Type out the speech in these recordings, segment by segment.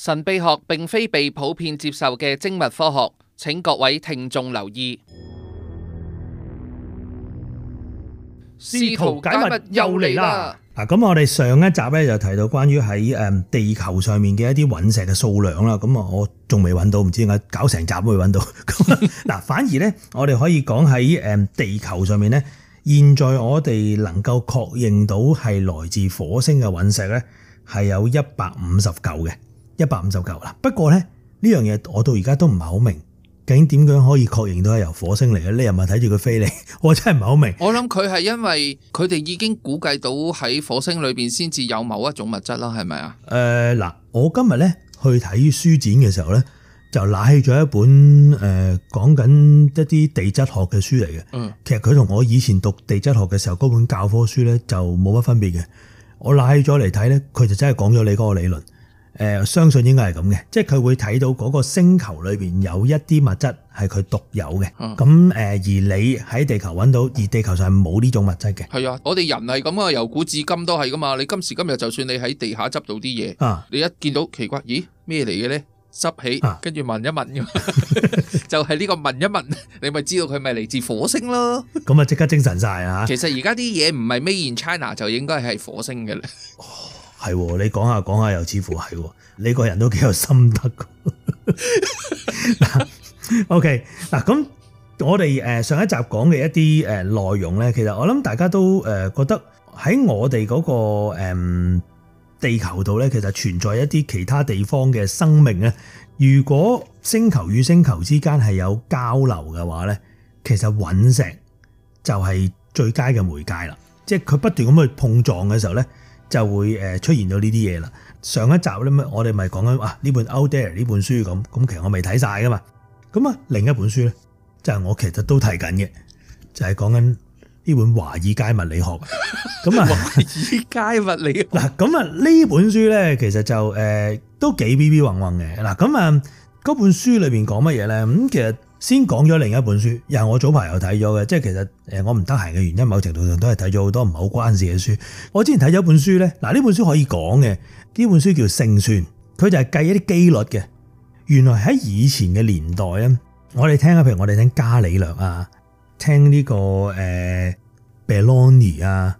神秘學並非被普遍接受嘅精密科學，請各位聽眾留意。試圖解密又嚟啦。嗱，咁我哋上一集咧就提到關於喺誒地球上面嘅一啲隕石嘅數量啦。咁啊，我仲未揾到，唔知點解搞成集都未揾到。嗱， 反而咧，我哋可以講喺誒地球上面咧，現在我哋能夠確認到係來自火星嘅隕石咧，係有一百五十九嘅。一百五就夠啦。9，不過咧，呢樣嘢我到而家都唔係好明，究竟點樣可以確認到係由火星嚟嘅？你又唔係睇住佢飛嚟，我真係唔係好明。我諗佢係因為佢哋已經估計到喺火星裏面先至有某一種物質啦，係咪啊？誒嗱、呃，我今日咧去睇書展嘅時候咧，就攋起咗一本誒、呃、講緊一啲地質學嘅書嚟嘅。嗯，其實佢同我以前讀地質學嘅時候嗰本教科書咧就冇乜分別嘅。我攋起咗嚟睇咧，佢就真係講咗你嗰個理論。誒相信應該係咁嘅，即係佢會睇到嗰個星球裏面有一啲物質係佢獨有嘅。咁誒、嗯，而你喺地球揾到，而地球上冇呢種物質嘅。係啊，我哋人係咁啊，由古至今都係噶嘛。你今時今日就算你喺地下執到啲嘢，啊、你一見到奇怪，咦咩嚟嘅呢，執起跟住，啊、問一問、啊、 就係呢個問一問，你咪知道佢咪嚟自火星咯。咁啊，即刻精神晒啊！其實而家啲嘢唔係 Made in China 就應該係火星嘅啦。係，你講下講下又似乎係，你個人都幾有心得㗎。嗱 ，OK，嗱咁，我哋誒上一集講嘅一啲誒內容咧，其實我諗大家都誒覺得喺我哋嗰個誒地球度咧，其實存在一啲其他地方嘅生命咧。如果星球與星球之間係有交流嘅話咧，其實隕石就係最佳嘅媒介啦。即係佢不斷咁去碰撞嘅時候咧。就會誒出現咗呢啲嘢啦。上一集咧，我哋咪講緊啊呢本《Out There》呢本書咁，咁其實我未睇晒噶嘛。咁啊，另一本書咧，就係我其實都睇緊嘅，就係講緊呢本《華爾街物理學》。咁啊，華爾街物理。嗱，咁啊，呢本書咧，其實就誒都幾 B B 渾渾嘅。嗱，咁啊，嗰本書裏面講乜嘢咧？咁其實。先講咗另一本書，又係我早排又睇咗嘅，即係其實誒我唔得閒嘅原因，某程度上都係睇咗好多唔好關事嘅書。我之前睇咗一本書咧，嗱呢本書可以講嘅，呢本書叫《勝算》，佢就係計一啲機率嘅。原來喺以前嘅年代啊，我哋聽，譬如我哋聽伽利略啊，聽呢、呢個誒、欸、Belloni 啊。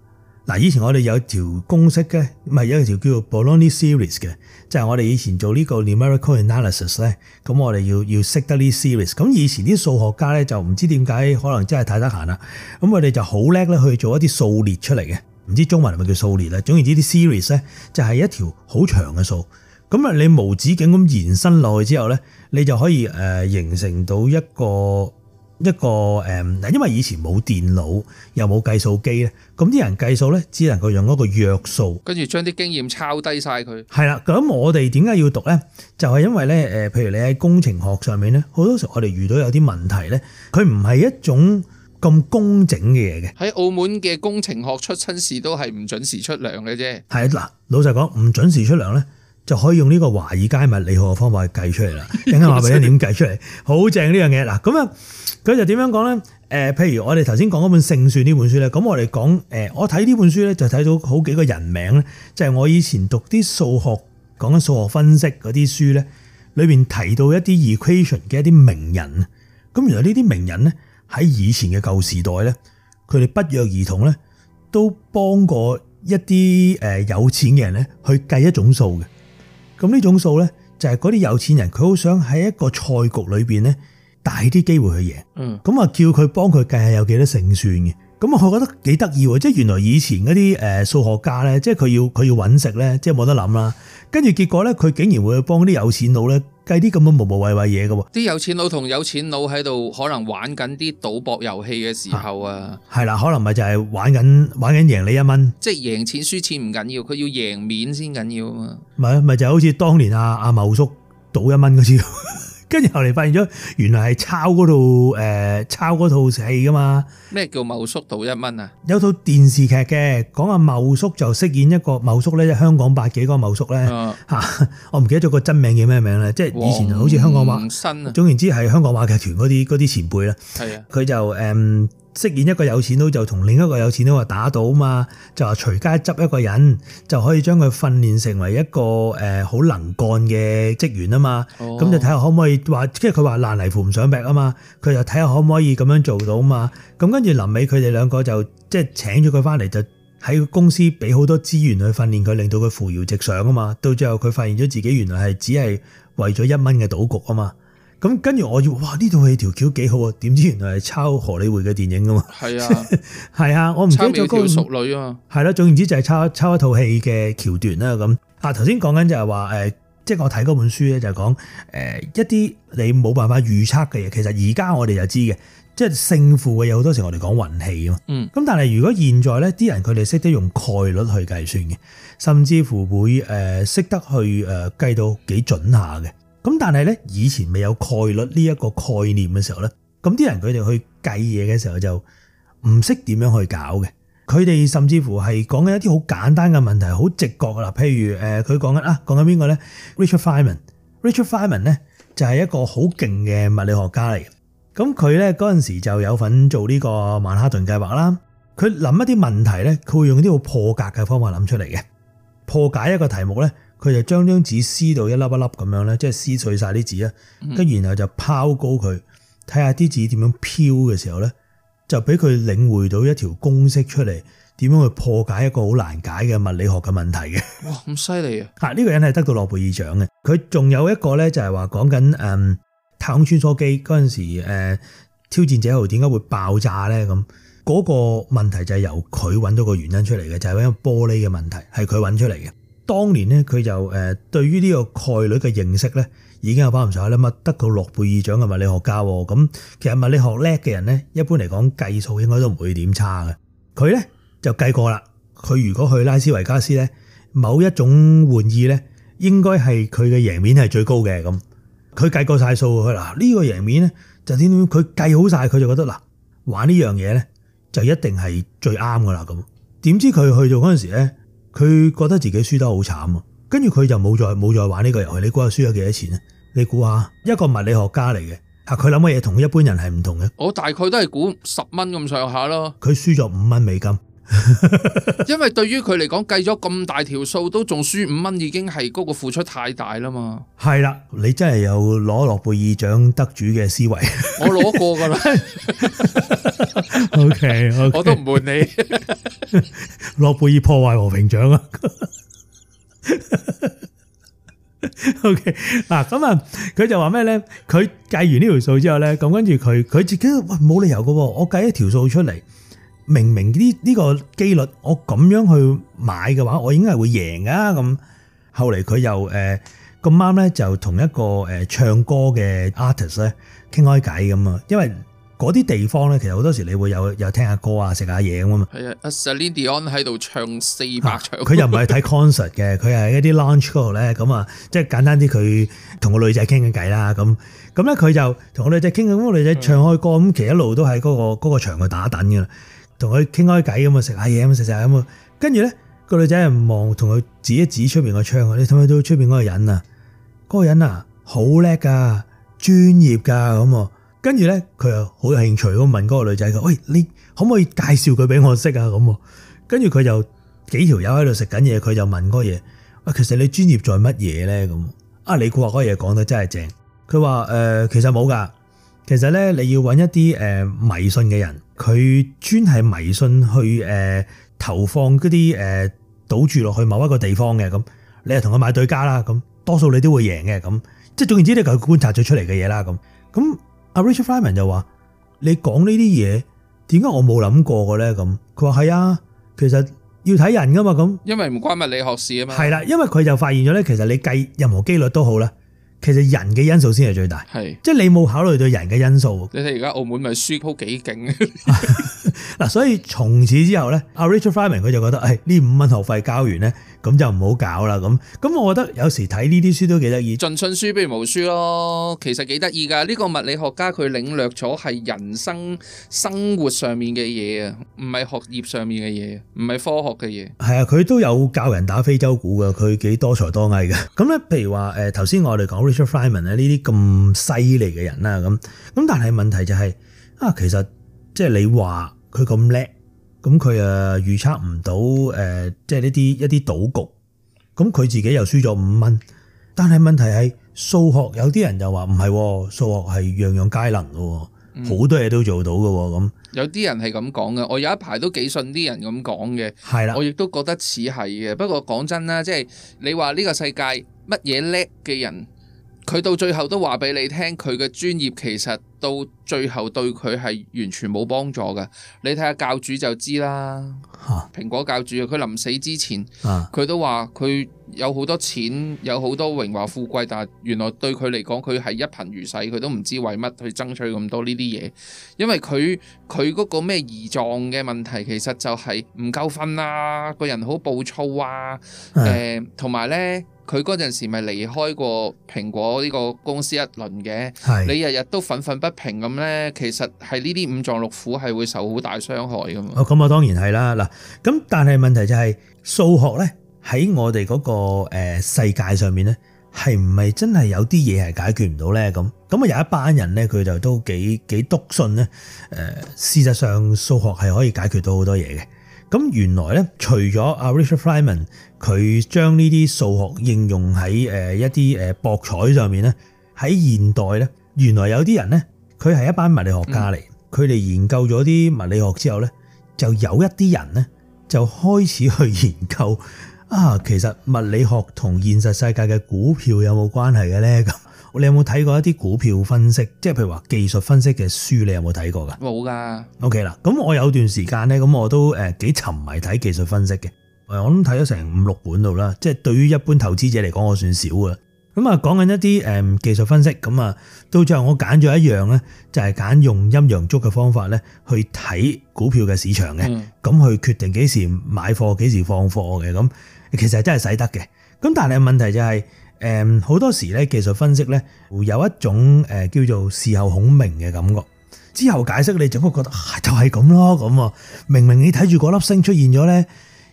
嗱、就是，以前我哋有條公式嘅，唔係有條叫做 Bologna series 嘅，即係我哋以前做呢個 numerical analysis 咧，咁我哋要要識得啲 series。咁以前啲數學家咧就唔知點解，可能真係太得閒啦，咁我哋就好叻咧去做一啲數列出嚟嘅，唔知中文係咪叫數列啦？總言之，啲 series 咧就係一條好長嘅數，咁啊你無止境咁延伸落去之後咧，你就可以誒形成到一個。一個誒，因為以前冇電腦又冇計數機咧，咁啲人計數咧只能夠用一個約數，跟住將啲經驗抄低晒佢。係啦，咁我哋點解要讀咧？就係因為咧，誒，譬如你喺工程學上面咧，好多時候我哋遇到有啲問題咧，佢唔係一種咁工整嘅嘢嘅。喺澳門嘅工程學出親事都係唔準時出糧嘅啫。係啦，老實講，唔準時出糧咧。就可以用呢個華爾街物理學嘅方法去計出嚟啦。陣間話俾你聽點計出嚟，好正 呢樣嘢嗱。咁啊，佢就點樣講咧？誒，譬如我哋頭先講嗰本《勝算》呢本書咧，咁我哋講誒，我睇呢本書咧就睇到好幾個人名咧，就係、係、我以前讀啲數學講緊數學分析嗰啲書咧，裏邊提到一啲 equation 嘅一啲名人。咁原來呢啲名人咧喺以前嘅舊時代咧，佢哋不約而同咧都幫過一啲誒有錢嘅人咧去計一種數嘅。咁呢種數呢，就係嗰啲有錢人，佢好想喺一個賽局裏面呢，大啲機會去贏。咁啊，叫佢幫佢計下有幾多勝算。咁我覺得幾得意喎！即係原來以前嗰啲誒數學家咧，即係佢要佢要揾食咧，即係冇得諗啦。跟住結果咧，佢竟然會幫啲有錢佬咧，計啲咁嘅無無謂嘅嘢嘅喎。啲有錢佬同有錢佬喺度可能玩緊啲賭博遊戲嘅時候啊，係啦、啊，可能咪就係玩緊玩緊贏你一蚊，即係贏錢輸錢唔緊要，佢要贏面先緊要啊嘛。咪咪就係、好似當年阿阿茂叔賭一蚊嗰招。 跟住後嚟發現咗，原來係抄嗰套誒、欸，抄嗰套戲噶嘛。咩叫茂叔賭一蚊啊？有套電視劇嘅，講阿茂叔就飾演一個茂叔咧，香港八幾嗰個茂叔咧嚇，我唔記得咗個真名叫咩名咧，即係以前好似香港話，啊、總言之係香港話劇團嗰啲嗰啲前輩啦。係啊，佢就誒。嗯飾演一個有錢佬就同另一個有錢佬話打賭嘛，就話隨街執一個人就可以將佢訓練成為一個誒好能幹嘅職員啊嘛，咁、哦、就睇下可唔可以話，即係佢話爛泥扶唔上壁啊嘛，佢就睇下可唔可以咁樣做到啊嘛，咁跟住臨尾佢哋兩個就即係、就是、請咗佢翻嚟就喺公司俾好多資源去訓練佢，令到佢扶搖直上啊嘛，到最後佢發現咗自己原來係只係為咗一蚊嘅賭局啊嘛。咁跟住我要，哇！呢套戲條橋幾好啊？點知原來係抄荷里活嘅電影㗎嘛？係啊，係 啊，我唔記得咗嗰個。係咯、啊啊，總言之就係抄抄一套戲嘅橋段啦。咁啊，頭先講緊就係話誒，即係我睇嗰本書咧，就係講誒一啲你冇辦法預測嘅。其實而家我哋就知嘅，即係勝負嘅有好多時候我哋講運氣啊嘛。嗯。咁但係如果現在咧，啲人佢哋識得用概率去計算嘅，甚至乎會誒識、呃、得去誒計、呃、到幾準下嘅。咁但係咧，以前未有概率呢一個概念嘅時候咧，咁啲人佢哋去計嘢嘅時候就唔識點樣去搞嘅。佢哋甚至乎係講緊一啲好簡單嘅問題，好直覺噶啦。譬如誒，佢講緊啊，講緊邊個咧？Richard Feynman，Richard Feynman 咧就係一個好勁嘅物理學家嚟嘅。咁佢咧嗰陣時就有份做呢個曼哈頓計劃啦。佢諗一啲問題咧，佢會用啲好破格嘅方法諗出嚟嘅，破解一個題目咧，佢就將張紙撕到一粒一粒咁樣咧，即係撕碎晒啲紙啊！跟然後就拋高佢，睇下啲紙點樣飄嘅時候咧，就俾佢領會到一條公式出嚟，點樣去破解一個好難解嘅物理學嘅問題嘅。哇！咁犀利啊！嗱，呢個人係得到諾貝爾獎嘅。佢仲有一個咧，就係話講緊誒太空穿梭機嗰陣時，嗯，挑戰者號點解會爆炸咧？咁、那、嗰個問題就係由佢搵到個原因出嚟嘅，就係因為玻璃嘅問題係佢搵出嚟嘅。當年咧，佢就誒對於呢個概率嘅認識咧，已經係擺唔上啦。咁得個諾貝爾獎嘅物理學家喎，咁其實物理學叻嘅人咧，一般嚟講計數應該都唔會點差嘅。佢咧就計過啦，佢如果去拉斯維加斯咧，某一種玩意咧，應該係佢嘅贏面係最高嘅咁。佢計過晒數，佢嗱呢個贏面咧就點點，佢計好晒，佢就覺得嗱玩呢樣嘢咧就一定係最啱噶啦咁。點知佢去做嗰陣時咧？佢覺得自己輸得好慘啊！跟住佢就冇再冇再玩呢個遊戲。你估下輸咗幾多錢咧？你估下一個物理學家嚟嘅，佢諗嘅嘢同一般人係唔同嘅。我大概都係估十蚊咁上下咯。佢輸咗五蚊美金。因為對於佢嚟講，計咗咁大條數都仲輸五蚊，已經係嗰個付出太大啦嘛。係啦，你真係有攞諾貝爾獎得主嘅思維，我攞過噶啦。OK，我都唔瞞你，諾貝爾破壞和平獎啊。OK，嗱咁啊，佢就話咩咧？佢計完呢條數之後咧，咁跟住佢，佢自己話喂，冇理由噶，我計一條數出嚟。明明呢呢個機率，我咁樣去買嘅話，我應該係會贏啊！咁後嚟佢又咁啱咧，呃、就同一個唱歌嘅 artist 咧傾開偈咁啊！因為嗰啲地方咧，其實好多時你會有有聽下歌的啊、食下嘢咁啊。係啊，Celine Dion 喺度唱四百場。佢又唔係睇 concert 嘅，佢係一啲 lounge 嗰度咧咁啊，即係簡單啲，佢同個女仔傾緊偈啦。咁咁咧，佢就同個女仔傾緊，個女仔唱開歌咁，嗯、其實一路都喺嗰、嗰個嗰、嗰個、場去打等嘅啦。同佢傾開偈咁嘛，食下嘢咁食食咁啊。跟住咧，個女仔望同佢指一指出面個窗，你睇唔睇到出面嗰個人啊？嗰個人啊，好叻㗎，專業㗎咁，跟住咧，佢又好有興趣咁問嗰個女仔，佢喂，你可唔可以介紹佢俾我識啊？咁跟住佢就幾條友喺度食緊嘢，佢就問嗰嘢，喂、啊，其實你專業在乜嘢咧？咁啊，你估話嗰嘢講得真係正。佢話、呃，其實冇㗎。其實咧，你要搵一啲、呃、迷信嘅人。佢專係迷信去投放嗰啲誒賭注落去某一個地方嘅咁，你又同佢買對家啦咁，多數你都會贏嘅咁，即係總言之你去，你係觀察咗出嚟嘅嘢啦咁。咁 Richard Feynman 就話：你講呢啲嘢點解我冇諗過嘅咧？咁佢話：係啊，其實要睇人噶嘛咁，因為唔關物理學事啊嘛。係啦，因為佢就發現咗咧，其實你計任何機率都好啦。其實人嘅因素先係最大，係是即係你冇考慮到人嘅因素。你睇而家澳門咪輸鋪幾勁嗱， 所以從此之後咧，阿 Richard Feynman 佢就覺得，誒、哎、呢五蚊學費交完咧，咁就唔好搞啦。咁咁，我覺得有時睇呢啲書都幾得意。盡信書不如無書咯，其實幾得意噶。呢、這個物理學家佢領略咗係人生生活上面嘅嘢啊，唔係學業上面嘅嘢，唔係科學嘅嘢。係啊，佢都有教人打非洲鼓㗎。佢幾多，多、 嗯呃、才多藝嘅。咁咧，譬如話誒頭先我哋講。Richard Feynman 呢啲咁犀利嘅人啦，咁咁，但係問題就係啊，其實即係你話佢咁叻，咁佢啊預測唔到誒，即係呢啲一啲賭局，咁佢自己又輸咗五蚊。但係問題係數學，有啲人就話唔係，數學係樣樣皆能嘅，好多嘢都做到嘅。咁有啲人係咁講嘅，我有一排都幾信啲人咁講嘅。係啦，我亦都覺得似係嘅。不過講真啦，即係你話呢個世界乜嘢叻嘅人？佢到最後都話俾你聽，佢嘅專業其實都。最後對佢係完全冇幫助嘅。你睇下教主就知啦。蘋果教主佢臨死之前，佢都話佢有好多錢，有好多榮華富貴，但係原來對佢嚟講，佢係一貧如洗，佢都唔知為乜去爭取咁多呢啲嘢。因為佢佢嗰個咩胰臟嘅問題，其實就係唔夠瞓啊，個人好暴躁啊，誒是的、呃，同埋咧，佢嗰陣時咪離開過蘋果呢個公司一輪嘅。是的 你日日都憤憤不平咁。咧，其實係呢啲五臟六腑係會受好大傷害噶嘛。哦，咁啊，當然係啦。嗱，咁但係問題就係、是、數學咧，喺我哋嗰個誒世界上面咧，係唔係真係有啲嘢係解決唔到咧？咁咁啊，有一班人咧，佢就都幾幾篤信咧。誒、呃，事實上數學係可以解決到好多嘢嘅。咁原來咧，除咗阿 Richard Feynman，佢將呢啲數學應用喺誒一啲誒博彩上面咧，喺現代咧，原來有啲人咧。佢係一班物理學家嚟，佢哋、嗯、研究咗啲物理學之後呢，就有一啲人呢，就開始去研究啊，其實物理學同現實世界嘅股票有冇關係嘅呢？ 」咁你有冇睇過一啲股票分析？即係譬如話技術分析嘅書，你有冇睇過噶？冇噶。O K 啦，咁我有段時間呢，咁我都誒幾沉迷睇技術分析嘅，我諗睇咗成五六本度啦。即係對於一般投資者嚟講，我算少嘅。咁啊，講緊一啲誒技術分析，咁啊到最後我揀咗一樣咧，就係、是、揀用陰陽燭嘅方法咧去睇股票嘅市場嘅，咁、嗯、去決定幾時買貨，幾時放貨嘅，咁其實真係使得嘅。咁但係問題就係、是，誒好多時咧技術分析咧會有一種誒叫做事後孔明嘅感覺，之後解釋你整個覺得、啊、就係咁咯，咁啊明明你睇住嗰粒星出現咗咧，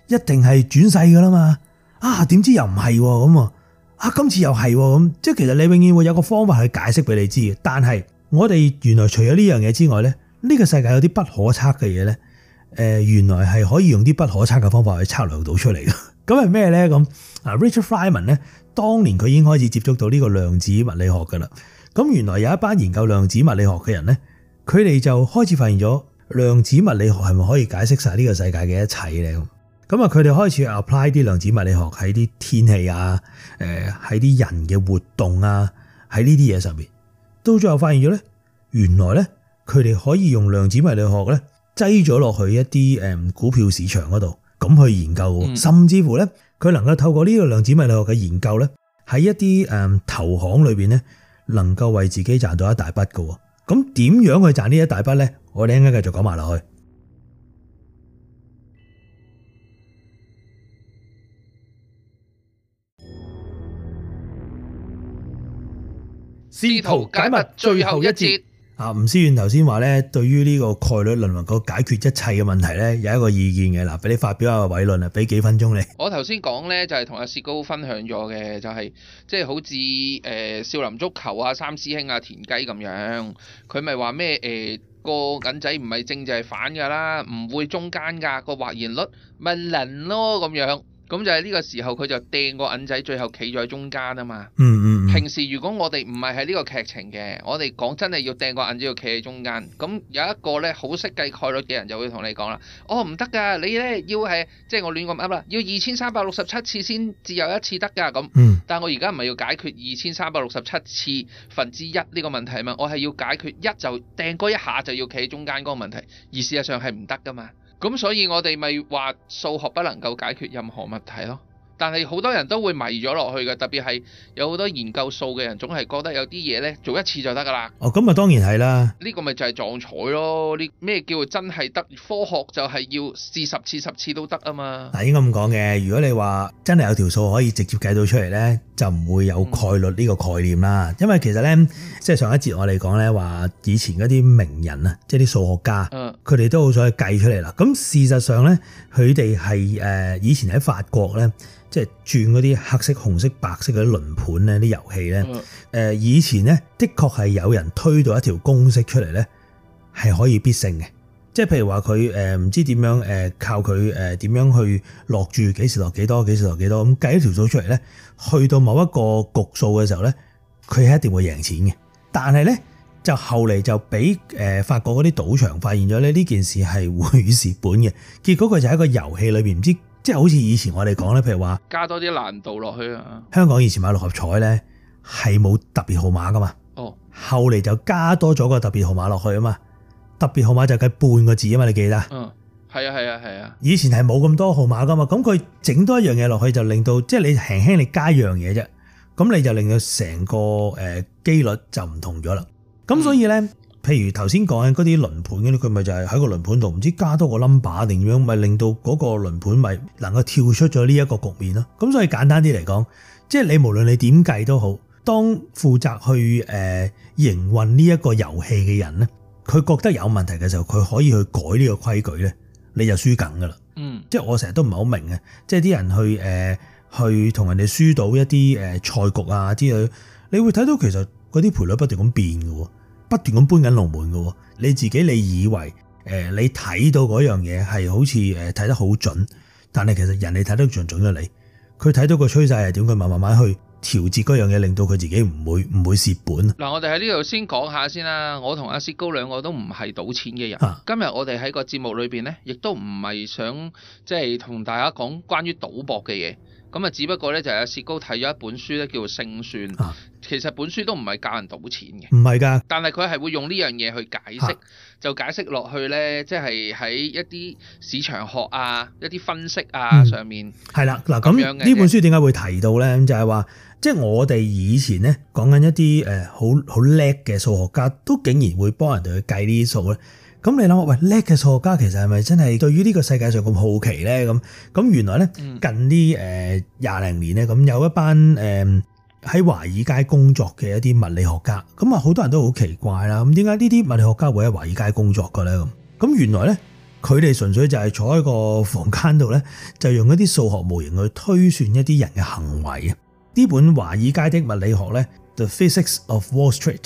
一定係轉勢噶啦嘛，啊點知又唔係咁啊？啊！今次又係喎，咁即係其實你永遠會有個方法去解釋俾你知。但係我哋原來除咗呢樣嘢之外呢，呢個世界有啲不可測嘅嘢呢。誒原來係可以用啲不可測嘅方法去測量到出嚟嘅。咁係咩呢？咁 Richard Feynman 呢，man, 當年佢已經開始接觸到呢個量子物理學㗎啦。咁原來有一班研究量子物理學嘅人呢，佢哋就開始發現咗量子物理學係咪可以解釋晒呢個世界嘅一切呢？咁啊，佢哋開始 apply 啲量子物理學喺啲天氣啊，誒，喺啲人嘅活動啊，喺呢啲嘢上面。到最後發現咗咧，原來咧佢哋可以用量子物理學咧擠咗落去一啲誒股票市場嗰度，咁去研究，嗯、甚至乎咧佢能夠透過呢個量子物理學嘅研究咧，喺一啲誒投行裏面咧，能夠為自己賺到一大筆喎。咁點樣去賺呢一大筆咧？我哋陣間繼續講埋落去。試圖解密最後一節啊！吳思遠頭先話咧，對於呢個概率論能夠解決一切嘅問題咧，有一個意見嘅，嗱，俾你發表下個偉論啊！俾幾分鐘你。我頭先講咧，就係同阿薛高分享咗嘅，就係即係好似誒、呃、少林足球啊、三師兄啊、田雞咁樣，佢咪話咩誒個銀仔唔係正就係反㗎啦，唔會中間㗎、嗰個或然率咪零咯咁樣。咁就係呢個時候，佢就掟個銀仔，最後企咗喺中間啊嘛。嗯嗯。嗯，平時如果我哋唔係喺呢個劇情嘅，我哋講真係要掟個銀仔，要企喺中間。咁有一個咧好識計概率嘅人就會同你講啦，哦，唔得噶，你咧要係即係我亂咁噏啦，要二千三百六十七次先至有一次得噶咁。嗯、但係我而家唔係要解決二千三百六十七次分之一呢個問題嘛，我係要解決一就掟嗰一下就要企喺中間嗰個問題，而事實上係唔得噶嘛。咁所以我哋咪話數學不能夠解決任何問題咯。但係好多人都會迷咗落去嘅，特別係有好多研究數嘅人，總係覺得有啲嘢呢，做一次就得㗎、哦、啦。哦，咁啊當然係啦，呢個咪就係撞彩咯。呢咩叫做真係得？科學就係要試十次十次都得啊嘛。嗱，應該咁講嘅。如果你話真係有條數可以直接計到出嚟呢，就唔會有概率呢個概念啦。嗯、因為其實呢，即係上一節我哋講呢話，以前嗰啲名人啊，即係啲數學家，佢哋、嗯、都好想計出嚟啦。咁事實上呢，佢哋係誒以前喺法國呢。即係轉嗰啲黑色、紅色、白色嗰啲輪盤咧，啲遊戲咧，誒，以前咧的確係有人推到一條公式出嚟咧，係可以必勝嘅。即係譬如話佢誒唔知點樣誒靠佢誒點樣去落注幾時落幾多，幾時落幾多，咁計一條數出嚟咧，去到某一個局數嘅時候咧，佢係一定會贏錢嘅。但係咧就後嚟就俾誒法國嗰啲賭場發現咗咧呢件事係會蝕本嘅，結果佢就喺個遊戲裏邊唔知。即係好似以前我哋講咧，譬如話加多啲難度落去啊。香港以前買六合彩咧係冇特別號碼噶嘛。哦，後嚟就加多咗個特別號碼落去啊嘛。特別號碼就計半個字啊嘛。你記得？嗯、哦，係啊，係啊，係啊。以前係冇咁多號碼噶嘛，咁佢整多一樣嘢落去就令到即係、就是、你輕輕你加一樣嘢啫，咁你就令到成個誒機率就唔同咗啦。咁所以咧。嗯譬如頭先講緊嗰啲輪盤啲，佢咪就係喺個輪盤度唔知加多個 number 定樣，咪令到嗰個輪盤咪能夠跳出咗呢一個局面囉。咁所以簡單啲嚟講，即係你無論你點計都好，當負責去誒營運呢一個遊戲嘅人咧，佢覺得有問題嘅時候，佢可以去改呢個規矩咧，你就輸緊噶啦。嗯，即係我成日都唔係好明嘅，即係啲人去誒、呃、去同人哋輸到一啲誒賽局啊之類，你會睇到其實嗰啲賠率不斷咁變㗎。不斷咁搬緊龍門嘅，你自己你以為誒、呃，你睇到嗰樣嘢係好似誒睇得好準，但係其實人哋睇得仲準過你，佢睇到個趨勢係點，佢慢慢慢去調節嗰樣嘢，令到佢自己唔會唔會蝕本。嗱、啊，我哋喺呢度先講下先啦，我同阿薛高兩個都唔係賭錢嘅人，啊、今日我哋喺個節目裏邊咧，亦都唔係想即係同大家講關於賭博嘅嘢，咁啊，只不過咧就係阿薛高睇咗一本書咧，叫做《勝算》啊。其實本書都唔係教人賭錢嘅，唔係噶。但係佢係會用呢樣嘢去解釋、啊，就解釋落去咧，即係喺一啲市場學啊、一啲分析啊上面。係啦、嗯，嗱咁樣嘅呢本書點解會提到咧？就係、是、話，即、就、係、是、我哋以前咧講緊一啲誒好好叻嘅數學家，都竟然會幫人哋去計呢啲數咧。咁你諗下，喂，叻嘅數學家其實係咪真係對於呢個世界上咁好奇咧？咁咁原來咧、嗯、近啲誒廿零年咧，咁有一班誒。呃喺華爾街工作嘅一啲物理學家，咁啊好多人都好奇怪啦！咁點解呢啲物理學家會喺華爾街工作嘅咧？咁咁原來咧，佢哋純粹就係坐喺個房間度咧，就用一啲數學模型去推算一啲人嘅行為啊！呢本《華爾街的物理學》咧，《The Physics of Wall Street》，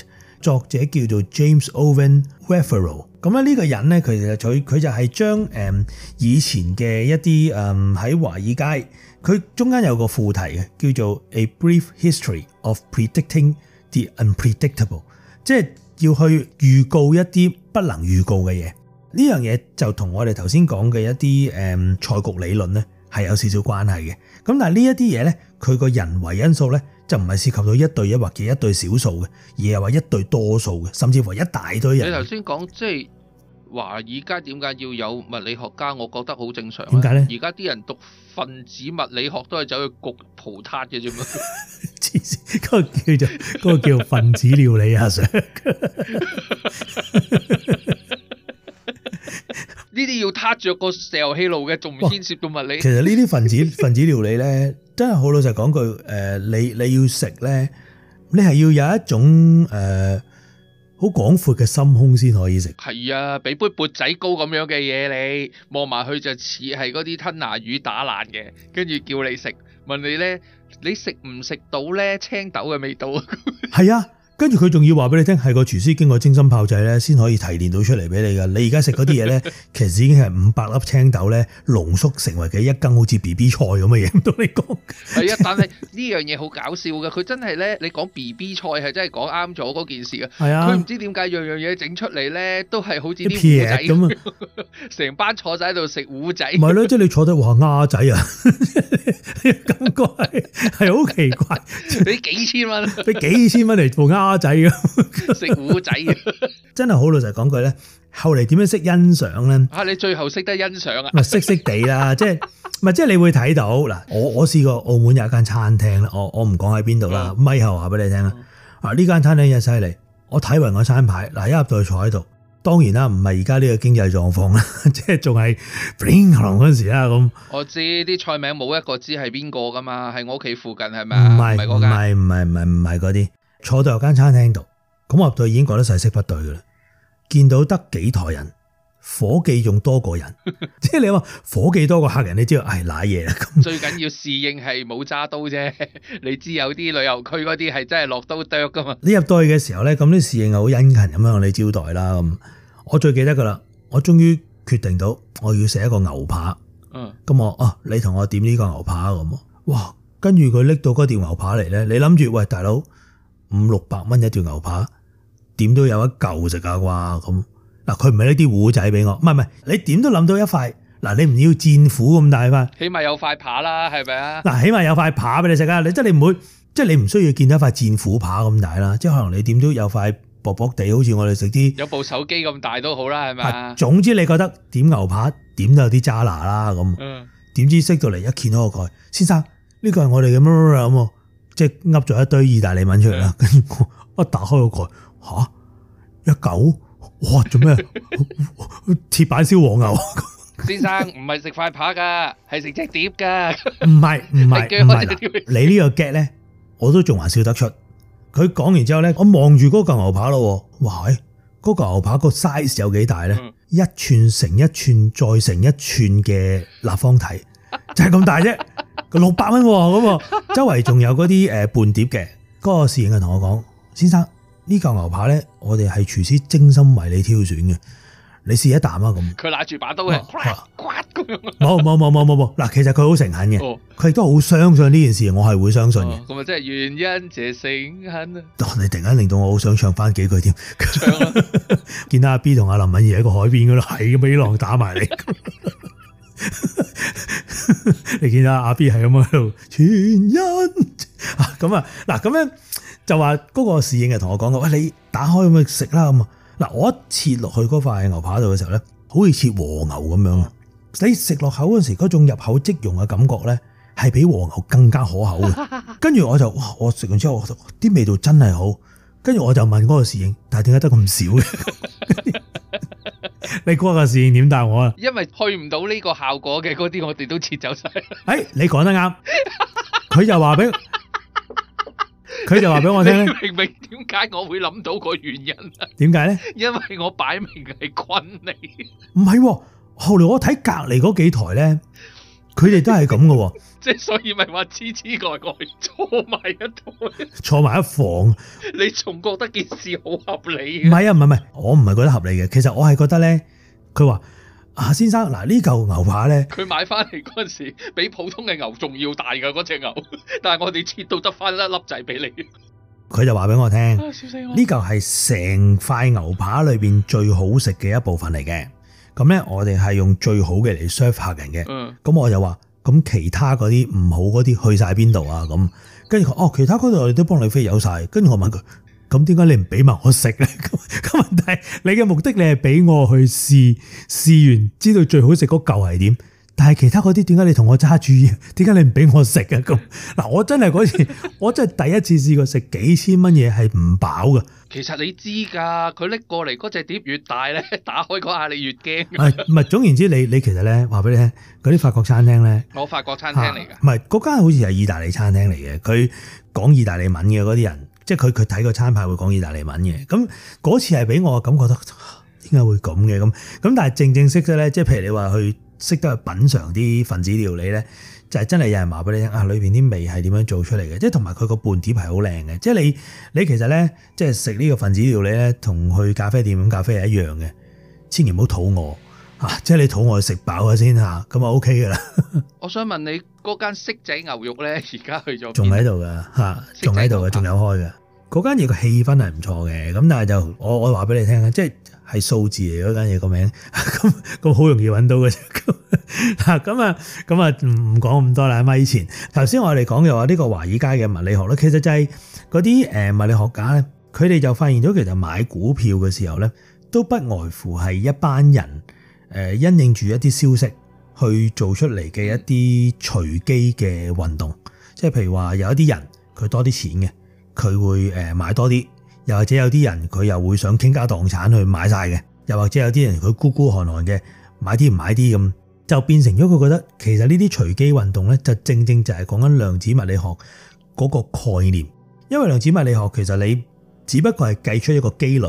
作者叫做 James Owen Weffero，咁咧呢個人咧，其實佢佢就係將誒以前嘅一啲誒喺華爾街。佢中間有個副題嘅，叫做《A Brief History of Predicting the Unpredictable》，即係要去預告一啲不能預告嘅嘢。呢樣嘢就同我哋頭先講嘅一啲誒賽局理論咧，係有少少關係嘅。咁但係呢一啲嘢呢，佢個人為因素呢，就唔係涉及到一對一或者一對少數嘅，而係話一對多數嘅，甚至乎一大堆人。你頭先講即係。華爾街點解要有物理學家？我覺得好正常、啊。點解咧？而家啲人讀分子物理學都係走去焗葡撻嘅啫嘛，嗰、 嗰個叫做、嗰個叫分子料理，阿 Sir，呢啲要撻着個石油氣爐嘅，仲唔牽涉到物理。其實呢啲分子分子料理咧， 真係好老實講句，誒、呃，你你要食咧，你係要有一種誒。呃好廣闊嘅心胸先可以食，係啊，畀杯缽仔糕咁樣嘅嘢你望埋去就似係嗰啲吞拿魚打爛嘅，跟住叫你食，問你咧，你食唔食到咧青豆嘅味道 啊？係啊。跟住佢仲要話俾你聽，係個廚師經過精心炮製咧，先可以提煉到出嚟俾你㗎。你而家食嗰啲嘢咧， 其實已經係五百粒青豆咧濃縮成為嘅一斤，好似 B B 菜咁嘅嘢。唔到你講，係啊，但係呢樣嘢好搞笑嘅，佢真係咧，你講 B B 菜係真係講啱咗嗰件事啊。係啊，佢唔知點解樣樣嘢整出嚟咧，都係好似啲糊仔咁啊，成班坐仔喺度食糊仔。唔係咯，即係 你坐得話鴨仔啊， 感覺係係好奇怪，俾 幾千蚊，俾幾千蚊嚟做鴨蝦仔嘅食糊仔嘅，真係好老實講句咧。後嚟點樣識欣賞咧？啊，你最後識得欣賞啊？咪 識識地啦，即係即係你會睇到嗱？我我試過澳門有一間餐廳啦，我我唔講喺邊度啦，咪、嗯、後話俾你聽啦。啊，呢間餐廳又犀利，我睇勻個餐牌嗱，一入到去坐喺度，當然啦，唔係而家呢個經濟狀況啦，即係仲係 bling 嗰陣時啦咁。嗯、我知啲菜名冇一個知係邊個噶嘛，喺我屋企附近係咪啊？唔係唔係唔係唔係唔係嗰啲。是坐到有間餐廳度，咁入到已經覺得勢色不對嘅啦。見到得幾台人，伙計仲多過人，即係 你話伙計多過客人，你知道係瀨嘢啦。咁最緊要侍應係冇揸刀啫，你知有啲旅遊區嗰啲係真係落刀剁噶嘛？你入到去嘅時候咧，咁啲侍應係好殷勤咁樣向你招待啦。咁我最記得噶啦，我終於決定到我要食一個牛扒。嗯，咁我啊，你同我點呢個牛扒咁。哇，跟住佢拎到嗰條牛扒嚟咧，你諗住喂大佬。五六百蚊一段牛扒，點都有一嚿食噶啩？咁嗱，佢唔係呢啲糊仔俾我，唔係唔係，你點都諗到一塊嗱？你唔要戰斧咁大嘛？起碼有塊扒啦，係咪啊？嗱，起碼有塊扒俾你食啊！你即係你唔會，即係你唔需要見到一塊戰斧扒咁大啦。即係可能你點都有塊薄薄地，好似我哋食啲有部手機咁大都好啦，係咪？總之你覺得點牛扒點都有啲渣拿啦咁，點知識到嚟一見到個蓋，先生，呢個係我哋嘅乜乜乜咁。即係噏咗一堆意大利文出嚟啦，跟住我一打開個蓋，吓一嚿，哇做咩？鐵板燒黃牛先生唔係食塊扒噶，係食隻碟噶。唔係唔係唔係，你呢個 get 咧，我都仲還笑得出。佢講完之後咧，我望住嗰嚿牛扒咯，哇，嗰嚿牛扒個 size 有幾大咧？一寸乘一寸再乘一寸嘅立方體，就係咁大啫。六百蚊咁，周圍仲有嗰啲誒伴碟嘅，嗰個侍應就同我講：先生，呢嚿牛扒咧，我哋係廚師精心為你挑選嘅，你試一啖啊！咁佢拿住把刀嘅，呱呱咁樣。冇冇冇冇冇冇，嗱，其實佢好誠懇嘅，佢亦都好相信呢件事，我係會相信嘅。咁啊，即係原因謝誠懇啊！你突然間令到我好想唱翻幾句添，唱啊，見到阿 B 同阿林敏儀喺個海邊嗰度，係咁畀浪打埋嚟。 你見到，阿 B 係咁喺度全因。咁啊，嗱咁樣就話嗰、嗰個侍應係同我講嘅，喂，你打開咁嘅食啦，咁啊，嗱，我一切落去嗰塊牛扒度嘅時候咧，好似切和牛咁樣啊，你食落口嗰陣時，嗰種入口即溶嘅感覺咧，係比和牛更加可口嘅。跟住我就，哇我食完之後，我覺得啲味道真係好。跟住我就問嗰個侍應，但係點解得咁少嘅？ 你估下個事點答我啊？因為去唔到呢個效果嘅嗰啲，我哋都撤走晒。誒、欸，你講得啱，佢 就話俾佢就話俾我聽，明明點解我會諗到個原因啊？點解咧？因為我擺明係昆你。唔係、啊，後來我睇隔籬嗰幾台咧。佢哋都係咁嘅，即係所以咪話痴痴呆呆坐埋一，坐埋一房。你仲覺得件事好合理？唔係啊，唔係唔係，我唔係覺得合理嘅。其實我係覺得咧，佢話啊，先生嗱，呢嚿牛扒咧，佢買翻嚟嗰陣時比普通嘅牛仲要大嘅嗰隻牛，但係我哋切到得翻一粒仔俾你。佢就話俾我聽，呢嚿係成塊牛扒裏邊最好食嘅一部分嚟嘅。咁咧，我哋係用最好嘅嚟 serve 客人嘅。咁、嗯、我又話，咁其他嗰啲唔好嗰啲去晒邊度啊？咁，跟住佢，哦，其他嗰度我哋都幫你飛有晒。跟住我問佢，咁點解你唔畀埋我食咧？咁問題，你嘅目的你係畀我去試，試完知道最好食嗰嚿係點。但係其他嗰啲，點解你同我揸主意？點解你唔畀我食啊？咁嗱，我真係嗰次， 我真係第一次試過食幾千蚊嘢係唔飽嘅。其實你知㗎，佢搦過嚟嗰隻碟越大咧，打開嗰下你越驚。係唔係？總言之你，你你其實咧話俾你聽，嗰啲法國餐廳咧，我法國餐廳嚟㗎。唔係嗰間好似係意大利餐廳嚟嘅，佢講意大利文嘅嗰啲人，即係佢佢睇個餐牌會講意大利文嘅。咁嗰次係俾我感覺得點解會咁嘅咁咁，但係正正式式咧，即係譬如你話去識得去品嚐啲分子料理咧。就係真係有人話俾你聽啊，裏邊啲味係點樣做出嚟嘅？即係同埋佢個伴碟係好靚嘅。即係你你其實咧，即係食呢個分子料理咧，同去咖啡店飲咖啡係一樣嘅。千祈唔好肚餓嚇、啊，即係你肚餓食飽咗先嚇，咁啊咪 OK 㗎啦。我想問你嗰間色仔牛肉咧，而家去咗仲喺度㗎嚇，仲喺度㗎，仲、啊、有開㗎。嗰、啊、間嘢個氣氛係唔錯嘅，咁但係就我我話俾你聽啊，即係。係數字嚟嗰間嘢個名，咁咁好容易揾到嘅啫。咁啊咁啊，唔唔講咁多啦。咁咪以前頭先我哋講嘅話呢、呢個華爾街嘅物理學咯，其實就係嗰啲誒物理學家咧，佢哋就發現咗其實買股票嘅時候咧，都不外乎係一班人誒、呃、因應住一啲消息去做出嚟嘅一啲隨機嘅運動，即係譬如話有一啲人佢多啲錢嘅，佢會誒、呃、買多啲。又或者有啲人佢又會想傾家蕩產去買晒嘅，又或者有啲人佢孤孤寒寒嘅買啲唔買啲咁，就變成咗佢覺得其實呢啲隨機運動呢，就正正就係講緊量子物理學嗰個概念。因為量子物理學其實你只不過係計出一個機率，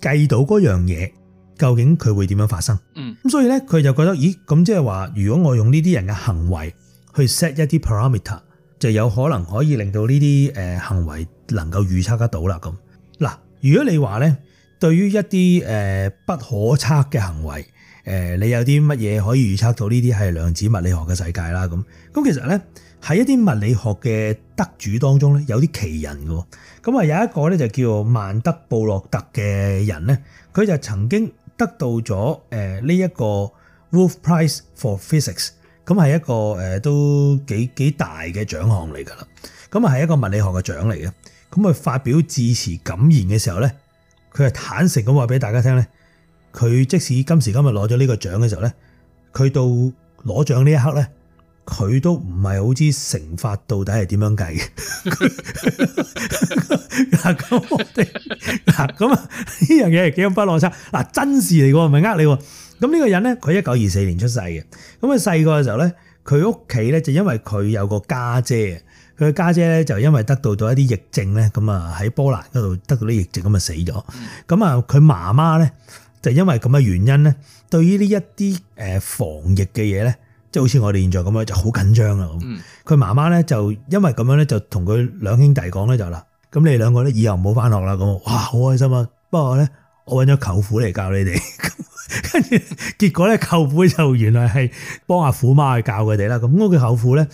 計到嗰樣嘢究竟佢會點樣發生。嗯，咁所以呢，佢就覺得咦，咁即係話如果我用呢啲人嘅行為去 set 一啲 parameter，就有可能可以令到呢啲誒行為能夠預測得到啦咁。嗱，如果你話咧，對於一啲誒不可測嘅行為，誒，你有啲乜嘢可以預測到呢啲係量子物理學嘅世界啦咁，咁其實咧，喺一啲物理學嘅得主當中咧，有啲奇人嘅，咁啊有一個咧就叫曼德布洛特嘅人咧，佢就曾經得到咗誒呢一個 Wolf Prize for Physics，咁係一個誒都幾幾大嘅獎項嚟噶啦，咁啊係一個物理學嘅獎嚟嘅。咁佢發表致辭感言嘅時候咧，佢係坦誠咁話俾大家聽咧，佢即使今時今日攞咗呢個獎嘅時候咧，佢到攞獎呢一刻咧，佢都唔係好知乘法到底係點樣計嘅。嗱咁啊，呢樣嘢係幾咁不落差。嗱，真事嚟喎，唔係呃你喎。咁、這、呢個人咧，佢一九二四年出世嘅。咁佢細個嘅時候咧，佢屋企咧就因為佢有個家姐啊。佢家姐咧就因為得到一得到一啲疫症咧，咁啊喺波蘭嗰度得到啲疫症咁啊死咗。咁啊佢媽媽咧就因為咁嘅原因咧，對於呢一啲誒防疫嘅嘢咧，即係好似我哋現在咁樣就好樣就緊張啊。咁佢、嗯、媽媽咧就因為咁樣咧，就同佢兩兄弟講咧就啦，咁你哋兩個咧以後唔好翻學啦。咁哇好開心啊！不過咧，我搵咗舅父嚟教你哋，跟 住結果咧舅父就原來係幫阿虎媽去教佢哋啦。咁佢嘅舅父咧。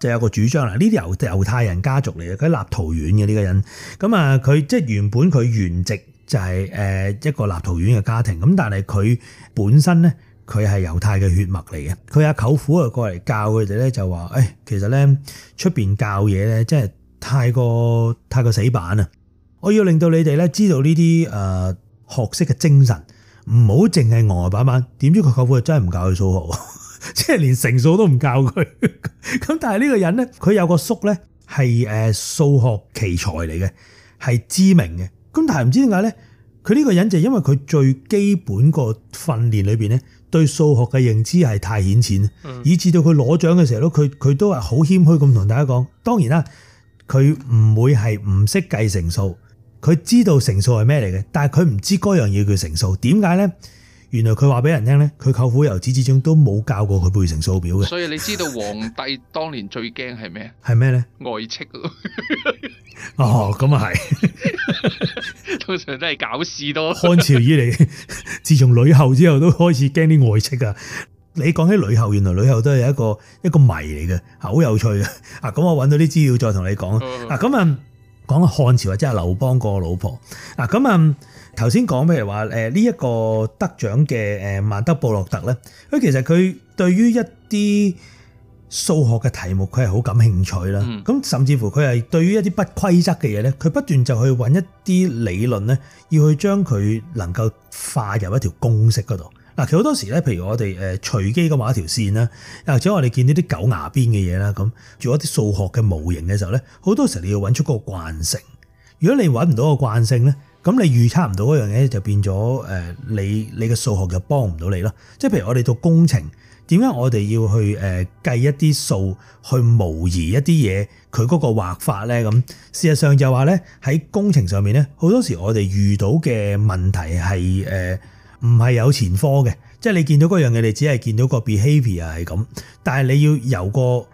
就有個主張啦，呢啲猶猶太人家族嚟嘅，佢係立陶宛嘅呢個人。咁啊，佢即原本佢原籍就係誒一個立陶宛嘅家庭。咁但係佢本身咧，佢係猶太嘅血脈嚟嘅。佢阿舅父啊過嚟教佢哋咧，就話，誒、哎，其實咧出邊教嘢咧，即係太過太過死板啊！我要令到你哋咧知道呢啲誒學識嘅精神，唔好淨係呆板板。點知佢舅父真係唔教佢數學。即係連成數都唔教佢，咁但係呢個人咧，佢有個叔咧係誒數學奇才嚟嘅，係知名嘅。咁但係唔知點解咧，佢呢個人就因為佢最基本個訓練裏邊咧，對數學嘅認知係太顯淺，以至到佢攞獎嘅時候咯，佢佢都係好謙虛咁同大家講，當然啦，佢唔會係唔識計成數，佢知道成數係咩嚟嘅，但係佢唔知嗰樣嘢叫成數，點解咧？原來佢話俾人聽咧，佢舅父由始至終都冇教過佢背成數表嘅。所以你知道皇帝當年最驚係咩？係咩咧？外戚 哦，咁啊係， 通常都係搞事多。 漢朝以嚟，自從呂后之後，都開始驚啲外戚啊。你講起呂后，原來呂后都係一個一個謎嚟嘅，好有趣嘅。啊，咁我揾到啲資料再同你講啊。咁啊，講下漢朝啊，即係劉邦個老婆啊。咁啊。頭先講，譬如話，呢、這、一個得獎嘅誒曼德布洛特咧，佢其實佢對於一啲數學嘅題目，佢係好感興趣啦。咁、嗯、甚至乎佢係對於一啲不規則嘅嘢咧，佢不斷就去揾一啲理論咧，要去將佢能夠化入一條公式嗰度。嗱，其實好多時咧，譬如我哋隨機嘅畫一條線啦，又或者我哋見到啲狗牙邊嘅嘢啦，咁做一啲數學嘅模型嘅時候咧，好多時候你要揾出嗰個慣性。如果你揾唔到個慣性咧，咁你預測唔到嗰樣嘢，就變咗誒、呃，你你嘅數學就幫唔到你咯。即係譬如我哋讀工程，點解我哋要去誒、呃、計一啲數，去模擬一啲嘢佢嗰個畫法咧？咁事實上就話咧，喺工程上面咧，好多時我哋遇到嘅問題係誒唔係有前科嘅，即係你見到嗰樣嘢，你只係見到個 behaviour 係咁，但係你要由個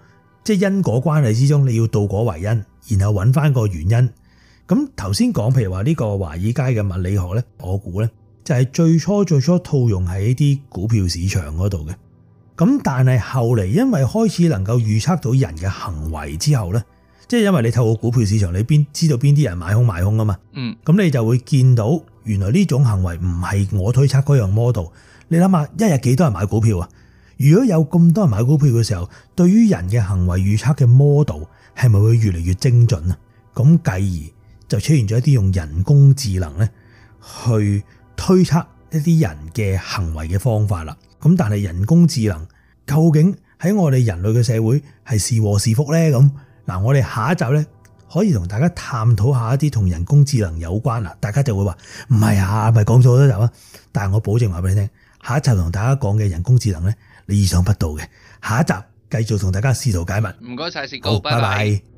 即係因果關係之中，你要倒果為因，然後揾翻個原因。咁頭先講，譬如話呢個華爾街嘅物理學咧，我估咧就係最初最初套用喺啲股票市場嗰度嘅。咁但係後嚟，因為開始能夠預測到人嘅行為之後咧，即係因為你透過股票市場，你邊知道邊啲人買空賣空啊嘛。嗯。咁你就會見到原來呢種行為唔係我推測嗰樣 model。你諗下，一日幾多人買股票啊？如果有咁多人買股票嘅時候，對於人嘅行為預測嘅 model 係咪會越嚟越精準啊？咁繼而。就出現咗一啲用人工智能咧，去推測一啲人嘅行為嘅方法啦。咁但係人工智能究竟喺我哋人類嘅社會係是禍是福呢？咁嗱，我哋下一集呢，可以同大家探討一下一啲同人工智能有關啦，大家就會話唔係啊，咪講咗好多集啊。但係我保證話俾你聽，下一集同大家講嘅人工智能呢，你意想不到嘅。下一集繼續同大家試圖解密。唔該晒，先，好，拜拜。